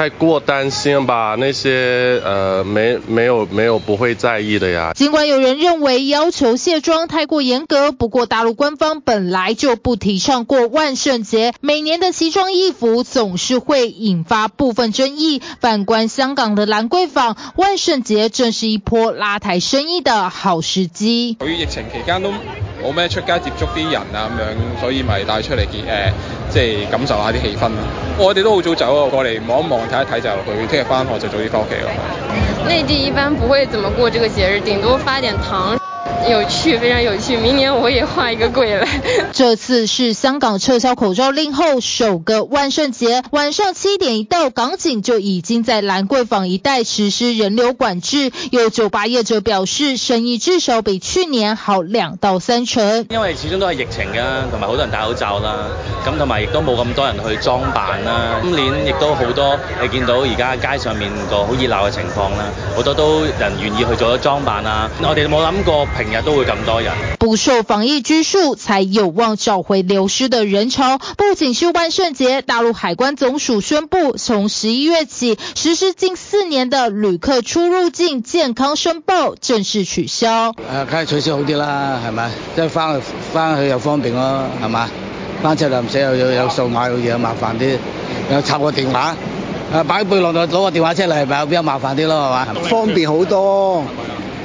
太過擔心吧？那些呃沒沒有沒有不會在意的呀。儘管有人認為要求卸妝太過嚴格，不過大陸官方本來就不提倡過萬聖節，每年的奇裝異服總是會引發部分爭議。反觀香港的蘭桂坊，萬聖節正是一波拉抬生意的好時機。由於疫情期間都冇咩出街接觸啲人啊，咁樣，所以咪帶出嚟嘅，誒、呃，即係感受下啲氣氛。我哋都好早走啊，過嚟望一望。睇一睇就佢聽日翻學就早啲翻屋企咯。內地一般不會怎麼過這個節日，頂多發點糖。有趣，非常有趣。明年我也畫一個鬼來。 這次是香港撤銷口罩令後首個萬聖節。晚上七點一到，港警就已經在蘭桂坊一帶實施人流管制。有酒吧業者表示，生意至少比去年好兩到三成。因為始終都係疫情啊，同埋好多人戴口罩啦，咁同埋亦都冇咁多人去裝扮啦，啊。今年亦都好多你見到而家街上面個好熱鬧嘅情況啦，好多都人願意去做咗裝扮啦，啊。我哋冇諗過。成日都會咁多人，不受防疫拘束，才有望找回流失嘅人潮。不僅是萬聖節，大陸海關總署宣布，從十一月起實施近四年的旅客出入境健康申報正式取消。啊、呃，梗係取消好啲啦，係咪？即係翻去翻去又方便咯，係嘛？翻車唔使又有有掃碼嘅嘢，麻煩啲，又插個電話，啊、呃、擺背囊度攞個電話出嚟，係咪比較麻煩啲咯？係嘛？方便好多。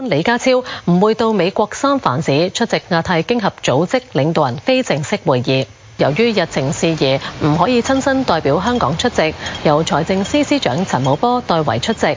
李家超唔會到美國三藩市出席亞太經合組織領導人非正式會議，由於日程事宜，唔可以親身代表香港出席，由財政司司長陳茂波代為出席。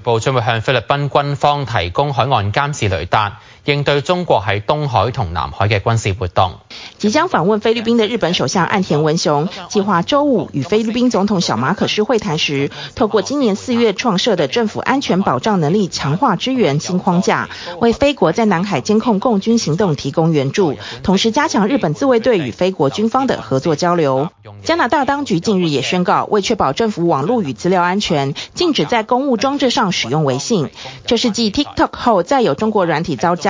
部將會向菲律賓軍方提供海岸監視雷達。應對中國喺東海同南海嘅軍事活動。即將訪問菲律賓的日本首相岸田文雄，計劃周五與菲律賓總統小馬可斯會談時，透過今年四月創設的政府安全保障能力強化支援新框架，為菲國在南海監控共軍行動提供援助，同時加強日本自衛隊與菲國軍方的合作交流。加拿大當局近日也宣告，為確保政府網路與資料安全，禁止在公務裝置上使用微信。這是繼 TikTok 後，再有中國軟體遭加。